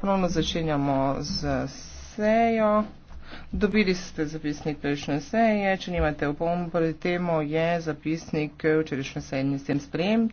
Ponovno začenjamo z sejo. Dobili ste zapisnik prejšnje seje. Če nimate opomb pri temu, je zapisnik včerajšnje seje in s tem sprejem.